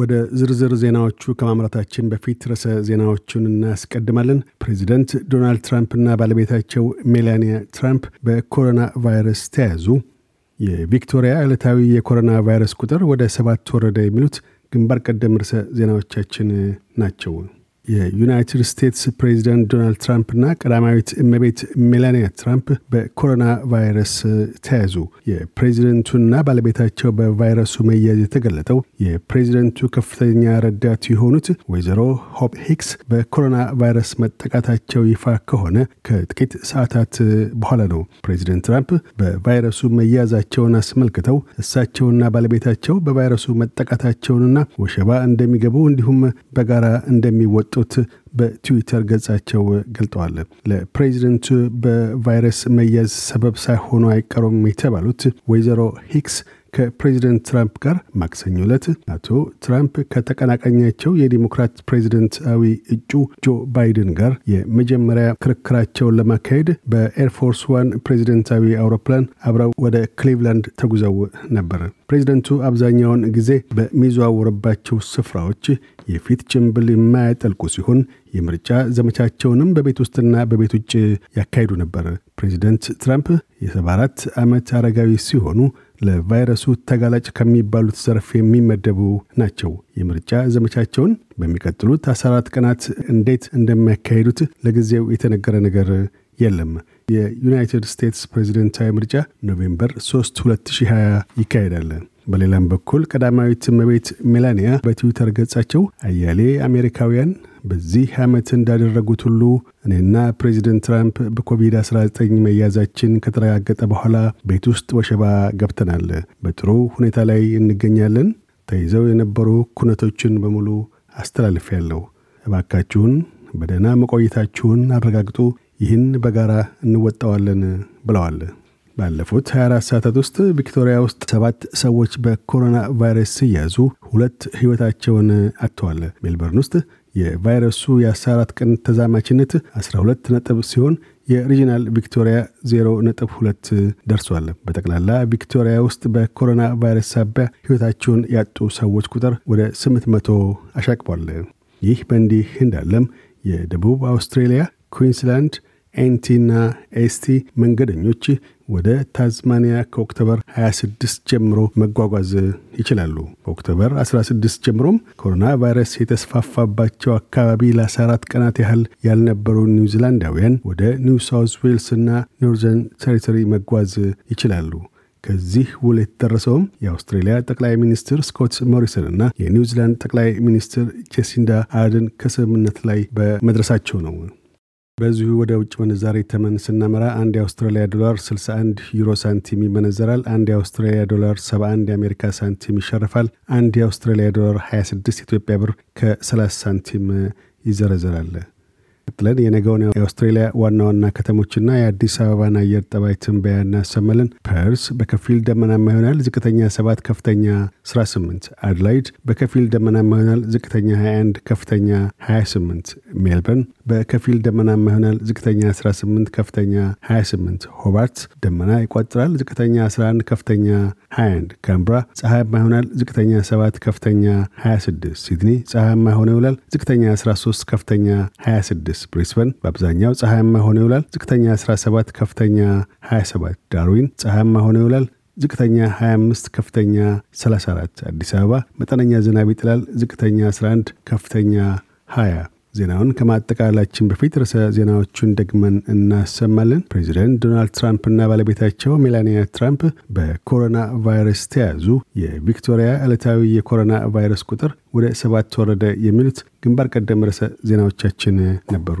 ወደ ዝርዝር ዜናዎቹ ከማምራታችን በፊት ርዕሰ ዜናዎቹን እናስቀድማለን። ፕሬዚደንት ዶናልድ ትራምፕና ባለቤታቸው ሜላኒያ ትራምፕ በኮሮና ቫይረስ ተያዙ፣ የቪክቶሪያ ዕለታዊ የኮሮና ቫይረስ ቁጥር ወደ ሰባት ወረደ፣ የሚሉት ግንባር ቀደም ርዕሰ ዜናዎቻችን ናቸው። የዩናይትድ ስቴትስ ፕሬዚደንት ዶናልድ እና ቀዳማዊት እመቤት ሜላኒያ ትራምፕ በኮሮና ቫይረስ ተያዙ። የፕሬዚደንቱና ባለቤታቸው በቫይረሱ መያዝ የተገለጠው የፕሬዚደንቱ ከፍተኛ ረዳት የሆኑት ወይዘሮ ሆፕ ሂክስ በኮሮና ቫይረስ መጠቃታቸው ይፋ ከሆነ ከጥቂት ሰዓታት በኋላ ነው። ፕሬዚደንት ትራምፕ በቫይረሱ መያዛቸውን አስመልክተው እሳቸውና ባለቤታቸው በቫይረሱ መጠቃታቸውንና ወሸባ እንደሚገቡ እንዲሁም በጋራ እንደሚወጡ እንዳወጡት በትዊተር ገጻቸው ገልጠዋል። ለፕሬዚደንቱ በቫይረስ መያዝ ሰበብ ሳይሆኑ አይቀሩም የተባሉት ወይዘሮ ሂክስ ከፕሬዚደንት ትራምፕ ጋር ማክሰኞ ዕለት አቶ ትራምፕ ከተቀናቃኛቸው የዲሞክራት ፕሬዚደንታዊ እጩ ጆ ባይደን ጋር የመጀመሪያ ክርክራቸውን ለማካሄድ በኤርፎርስ ዋን ፕሬዚደንታዊ አውሮፕላን አብረው ወደ ክሊቭላንድ ተጉዘው ነበር። ፕሬዚደንቱ አብዛኛውን ጊዜ በሚዘዋወርባቸው ስፍራዎች የፊት ጭንብል የማያጠልቁ ሲሆን የምርጫ ዘመቻቸውንም በቤት ውስጥና በቤት ውጭ ያካሂዱ ነበር። ፕሬዚደንት ትራምፕ የ74 ዓመት አረጋዊ ሲሆኑ ለቫይረሱ ተጋላጭ ከሚባሉት ዘርፍ የሚመደቡ ናቸው። የምርጫ ዘመቻቸውን በሚቀጥሉት 14 ቀናት እንዴት እንደሚያካሄዱት ለጊዜው የተነገረ ነገር የለም። የዩናይትድ ስቴትስ ፕሬዚደንታዊ ምርጫ ኖቬምበር 3 2020 ይካሄዳል። በሌላም በኩል ቀዳማዊት መቤት ሜላኒያ በትዊተር ገጻቸው አያሌ አሜሪካውያን በዚህ ዓመት እንዳደረጉት ሁሉ እኔና ፕሬዚደንት ትራምፕ በኮቪድ-19 መያዛችን ከተረጋገጠ በኋላ ቤት ውስጥ ወሸባ ገብተናል። በጥሩ ሁኔታ ላይ እንገኛለን። ተይዘው የነበሩ ኩነቶችን በሙሉ ያለው እባካችሁን በደህና መቆየታችሁን አረጋግጡ። ይህን በጋራ እንወጣዋለን ብለዋል። ባለፉት 24 ሰዓታት ውስጥ ቪክቶሪያ ውስጥ ሰባት ሰዎች በኮሮና ቫይረስ ሲያዙ ሁለት ህይወታቸውን አጥተዋል። ሜልበርን ውስጥ የቫይረሱ የ14 ቀን ተዛማችነት 12 ነጥብ ሲሆን የሪጂናል ቪክቶሪያ 0 0.2 ደርሷል። በጠቅላላ ቪክቶሪያ ውስጥ በኮሮና ቫይረስ ሳቢያ ህይወታቸውን ያጡ ሰዎች ቁጥር ወደ 800 አሻቅቧል። ይህ በእንዲህ እንዳለም የደቡብ አውስትሬሊያ፣ ኩዊንስላንድ ኤንቲ እና ኤስቲ መንገደኞች ወደ ታዝማኒያ ከኦክቶበር 26 ጀምሮ መጓጓዝ ይችላሉ። ኦክቶበር 16 ጀምሮም ኮሮና ቫይረስ የተስፋፋባቸው አካባቢ ለ14 ቀናት ያህል ያልነበሩ ኒውዚላንዳውያን ወደ ኒው ሳውት ዌልስ እና ኖርዘርን ቴሪቶሪ መጓዝ ይችላሉ። ከዚህ ውል የተደረሰውም የአውስትሬልያ ጠቅላይ ሚኒስትር ስኮት ሞሪሰን እና የኒውዚላንድ ጠቅላይ ሚኒስትር ጄሲንዳ አድን ከስምምነት ላይ በመድረሳቸው ነው። በዚሁ ወደ ውጭ ምንዛሬ ተመን ስናመራ አንድ የአውስትራሊያ ዶላር 61 ዩሮ ሳንቲም ይመነዘራል። አንድ የአውስትራሊያ ዶላር 71 የአሜሪካ ሳንቲም ይሸርፋል። አንድ የአውስትራሊያ ዶላር 26 ኢትዮጵያ ብር ከ30 ሳንቲም ይዘረዘራል። ቀጥለን የነገውን የአውስትሬሊያ ዋና ዋና ከተሞችና የአዲስ አበባን አየር ጠባይ ትንበያ እናሰማለን። ፐርስ በከፊል ደመናማ ይሆናል። ዝቅተኛ 7 ከፍተኛ 18። አድላይድ በከፊል ደመናማ ይሆናል። ዝቅተኛ 21 ከፍተኛ 28። ሜልበርን በከፊል ደመናማ ይሆናል። ዝቅተኛ 18 ከፍተኛ 28። ሆባርት ደመና ይቋጥራል። ዝቅተኛ 11 ከፍተኛ 21። ካምብራ ፀሐያማ ይሆናል። ዝቅተኛ 7 ከፍተኛ 26። ሲድኒ ፀሐያማ ሆኖ ይውላል። ዝቅተኛ 13 ከፍተኛ 26 ዩኤስ ብሪስበን በአብዛኛው ፀሐያማ ሆኖ ይውላል። ዝቅተኛ 17፣ ከፍተኛ 27። ዳርዊን ፀሐያማ ሆኖ ይውላል። ዝቅተኛ 25 ከፍተኛ 34። አዲስ አበባ መጠነኛ ዝናብ ይጥላል። ዝቅተኛ 11 ከፍተኛ 20። ዜናውን ከማጠቃላችን በፊት ርዕሰ ዜናዎቹን ደግመን እናሰማለን። ፕሬዚደንት ዶናልድ እና ባለቤታቸው ሜላኒያ ትራምፕ በኮሮና ቫይረስ ተያዙ፣ የቪክቶሪያ ዕለታዊ የኮሮና ቫይረስ ቁጥር ወደ ሰባት ወረደ፣ የሚሉት ግንባር ቀደም ርዕሰ ዜናዎቻችን ነበሩ።